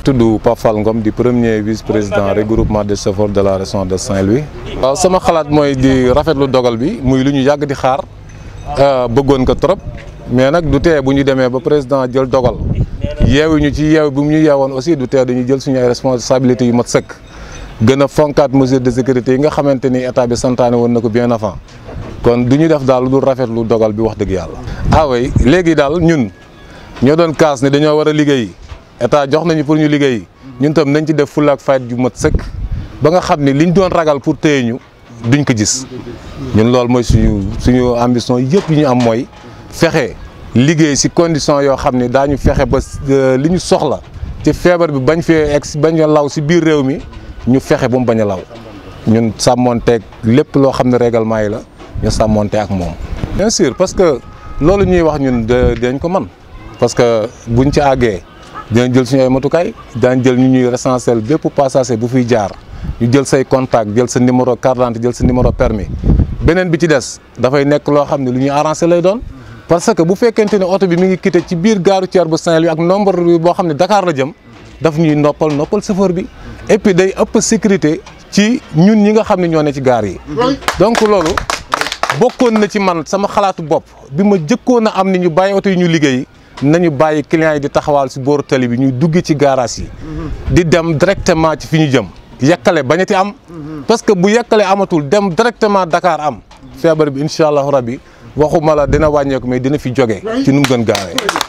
Tout Pape Fall Ngom di premier vice-président regroupement des forces de la récente de Saint-Louis. waaw euh, sama xalaat moy di rafetlu dogal bi muy lu ñu yàgg di xaar euh, ko trop mais nag du tee bu ñu demee ba président jël dogal yeewu ñu ci yeew bi mu aussi du tee dañuy jël suñu ay responsabilités yu mat sëkk gën a mesures de sécurité yi nga xamante ni état bi santaane woon bien avant. kon duñu def dal lu rafet lu dogal bi wax deug yalla ah way legui dal ñun ño doon kaas ni dañu wara liggey état jox nañu pour ñu liggey ñun tam nañ ci def fulla ak ju mat sekk ba nga xamni liñ doon ragal pour teyñu duñ ko gis ñun lool moy suñu suñu ambition yépp yi ñu am moy fexé liggey si condition yo xamni dañu fexé ba euh, liñu soxla ci fièvre bi bañ fi ex bañ a law si biir réew mi ñu fexé bu mu bañ a law ñun samonté lepp lo loo règlement yi la. ñu sàmmonte ak moom. bien sûr parce que loolu ñuy wax ñun dañ ko man parce que bu buñ ci àggee dinañ jël suñu ay matukaay daañ jël ñu ñuy recenser bépp passager bu fiy jaar ñu jël say contact jël sa numéro carte d'identité jël sa numéro permis beneen bi ci des dafay nekk loo xam ne lu ñuy arrangé lay doon. parce que bu fekkente ne oto bi mu ngi quitté ci biir gare routière bu saint ak nombre bi boo xam ne dakaar la jëm dafa ñuy noppal noppal chauffeur bi et puis day ëpp sécurité ci ñun ñi nga xam ne ñoo ne ci gaar yi bokkoon na ci man sama xalaatu bopp bi ma jëkkoon a am ni ñu bàyyi oto yi ñu liggéey nañu bàyyi clients yi di taxawaal si booru tali bi ñu dugg ci garage yi. Mhm. di dem directement ci fi ñu jëm. yàkkale bañati am. Mhm. parce que bu yàkkale amatul dem directement Dakar am. Mhm. feebar bi incha allahu rabi waxuma la dina wàññeeku mais dina fi jóge ci nu mu gën gaawee.